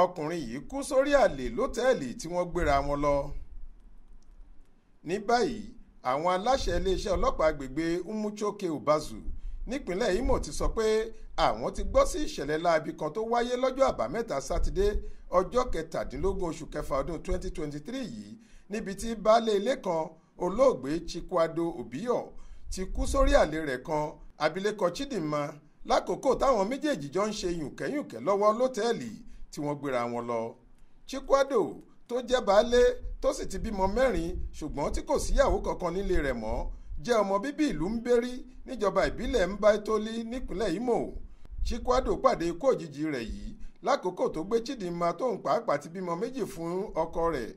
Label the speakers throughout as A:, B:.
A: ọkùnrin yìí kú sórí àlè lọ́tẹ́ẹ̀lì tí wọ́n gbéra wọn lọ. ní báyìí àwọn aláṣẹ iléeṣẹ́ ọlọ́pàá agbègbè umuchoke ubazu nípínlẹ̀ Imo ti sọ pé àwọn ti gbọ́ sí ìṣẹ̀lẹ̀ láabi kan tó wáyé lọ́jọ́ àbámẹ́ta sátidé ọjọ́ kẹtàdínlógún oṣù kẹfà ọdún 2023 yìí níbi tí baálé ilé kan olóògbé Chikwado Obiyo ti kú sórí àlè rẹ̀ kan abilékọ Chidinma lákòókò táwọn méjèèjì jọ ń ṣe yùnkẹ́yùnkẹ́ lọ́wọ́ lọ́tẹ́ẹ̀lì tí wọ́n gbéra wọn lọ Chikwado tó jẹ́ baálé tó sì ti bímọ mẹ́rin ṣùgbọ́n tí kò síyàwó kankan nílé rẹ̀ mọ́ jẹ́ ọmọ bíbí ìlú Mbérí níjọba ìbílẹ̀ Mbaitoli nípínlẹ̀ Imo Chikwado pàdé ikú òjijì rẹ̀ yìí lákòókò tó gbé Chidinma tóun pàápàá ti bímọ méjì fún ọkọ rẹ̀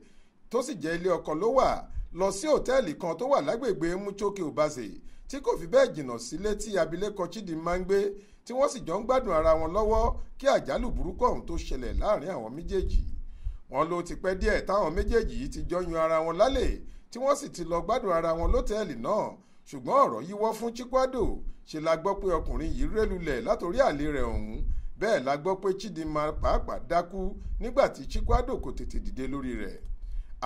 A: tó sì jẹ́ ilé ọkọ ló wà lọ sí òtẹ́ẹ̀lì kan tó wà lágbègbè muchoke obaze tí kò fi bẹ́ẹ̀ jìnnà sílé tí abilékọ Chidinma ń gbé tí wọ́n sì jọ ń gbádùn ara wọn lọ́wọ́ kí àjálù burúkú ọ̀hún tó ṣẹlẹ̀ láàrin àwọn méjèèjì wọn ló ti pẹ́ díẹ̀ táwọn méjèèjì yìí ti jọ yun ara wọn lálẹ́ tí wọ́n sì ti lọ gbádùn ara wọn lọ́tẹ́ẹ̀lì náà ṣùgbọ́n ọ̀rọ̀ yíwọ́ fún Chikwado ṣe la gbọ́ pé ọkùnrin yìí rélulẹ̀ látòrí àlè rẹ̀ ọ̀hún bẹ́ẹ̀ la gbọ́ pé Chidinma pàápàá dákú nígbà tí Chikwado kò tètè dìde lórí rẹ̀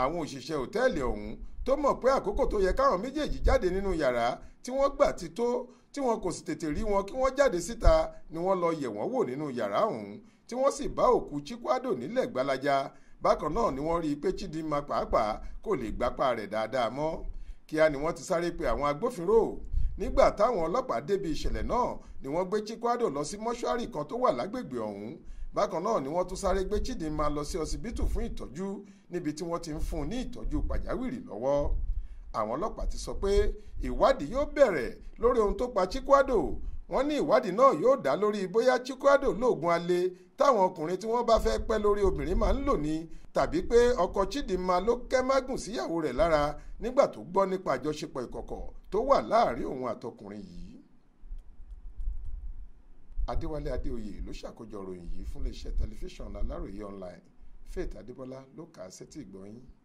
A: àwọn òṣìṣẹ́ òtẹ́ẹ̀lì ọ̀hún tó mọ̀ pé àkókò tó yẹ káwọn méjèèjì jáde nínú yàrá tí wọ́n gbà ti tó tí wọn kò sì tètè rí wọn kí wọ́n jáde síta ni wọ́n lọ yẹ̀ wọ́n wò nínú yàrá ọ̀hún tí wọ́n sì bá òkú Chikwado nílẹ̀ gbalaja bákan náà ni wọ́n rí i pé Chidinma pàápàá kò lè gbapá rẹ̀ dáadáa mọ́ kíá ni wọ́n ti sáré pe àwọn agbófinró nígbà táwọn ọlọ́pàá débi ìṣẹ̀lẹ̀ náà ni wọ́n gbé Chikwado lọ sí mọ́ṣúárì kan tó wà lágbègbè ọ̀hún bákan náà ni wọ́n tún sáré gbé Chidinma lọ sí ọsibítù fún ìtọ́jú níbi tí wọ́n ti ń fún un ní ìtọ́jú pàjáwìrì lọ́wọ́ àwọn ọlọ́pàá ti sọ pé ìwádìí yóò bẹ̀rẹ̀ lórí ohun tó pa Chikwado wọ́n ní ìwádìí náà yóò dá lórí bóyá Chikwado lóògùn alẹ táwọn ọkùnrin tí wọ́n bá fẹ́ pẹ́ lórí obìnrin máa ń lò ní tàbí pé ọkọ Chidinma ló kẹ́ mágùn síyàwó rẹ̀ lára nígbà tó gbọ́ nípa àjọṣepọ̀ ìkọ̀kọ̀ tó wà láàrin òun àtọkùnrin yìí. Adéwálé Adéoyè ló ṣàkójọ ròyìn yìí fún iléeṣẹ́ tẹlifíṣàn Aláròyé online Faith Adébọlá ló kà á sétí ìgbọ́